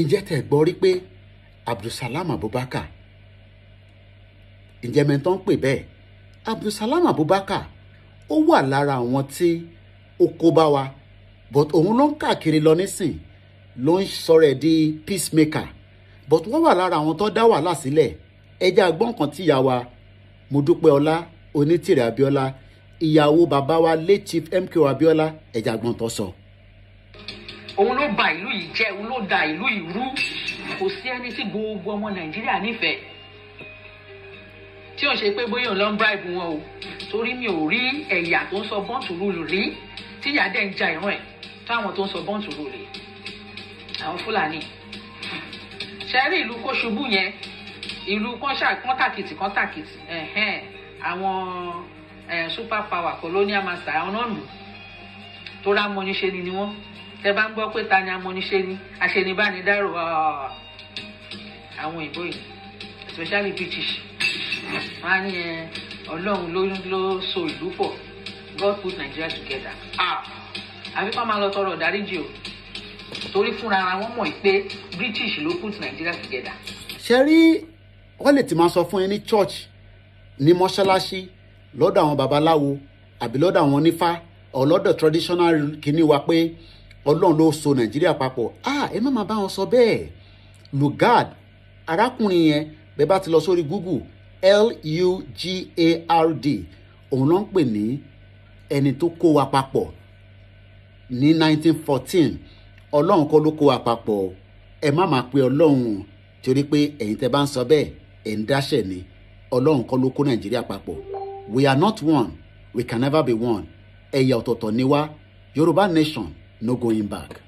ǹjẹ́ tẹ̀ gbọ́ rí pé Abdulsalam Abubakar ǹjẹ́ mẹ́tọ́ ń pè bẹ́ẹ̀ Abdulsalam Abubakar ó wà lára àwọn tí ó kó bá wa but òun ló ń káàkiri lọ nísìn ló ń sọ̀rọ̀ ẹ̀ di peacemaker but wọ́n wà lára àwọn tó dá wàhálà sílẹ̀ ẹjẹ́ agbọ́n kan tí ìyá wa Modúpẹ́ọlá Onítìrẹ Abíọ́lá ìyàwó bàbá late chief MKO abiola ẹjẹ́ agbọ́n tó sọ. So òun ló ba ìlú yìí jẹ́ òun ló da ìlú yìí rú kò sí ẹni tí gbogbo ọmọ nàìjíríà nífẹ̀ẹ́ tí ò ń ṣe pé bóyá òun lọ ń bribe wọn o torí mi ò rí ẹ̀yà tó ń sọ bọ́ǹtù rúlù rí tíyà dẹ̀ ń ja ìran ẹ̀ táwọn tó ń sọ bọ́ǹtù rúlù àwọn fúlàní ṣẹ́rí ìlú kóṣubú yẹn ìlú kọ́ńtàkìtì kọ́ńtàkìtì àwọn eh, super power colonial master àwọn náà nù tó rá ṣe ni wọ́n tẹ bá ń gbọ́ pé ta ni amúniṣe ni àṣenibánidárò àwọn òyìnbó yìí especially british wọn á ní ẹ ọlọ́run ló ló so ìlú pọ̀ god put nigeria together àbí wọn máa lọ tọrọ ìdáríjì o torí fúnra ara wọn mọ̀ pé british ló put nigeria together. ṣe rí wọ́n lè ti máa sọ fún yín ní church ní mọ́ṣáláṣí lọ́dọ̀ àwọn babaláwo àbí lọ́dọ̀ àwọn onífá ọ̀lọ́dọ̀ traditional kìíní wa pé ọlọ́run ló so nàìjíríà papọ̀ ah ẹ má máa bá wọn sọ bẹ́ẹ̀ lugard arákùnrin yẹn bẹ́ẹ̀ bá ti lọ sórí google l-u-g-a-r-d òun ló ń pè ní ẹni tó kó wa papọ̀ ní 1914 ọlọ́run kọ́ ló kó wa papọ̀ ẹ má máa pe ọlọ́run torí pé ẹ̀yin tẹ́ bá ń sọ bẹ́ẹ̀ ẹ̀ ń dáṣẹ̀ ni ọlọ́run kọ́ ló kó nàìjíríà papọ̀ we are not one we can never be one ẹ̀yà ọ̀tọ̀ọ̀tọ̀ ni wá yorùbá nation no going back.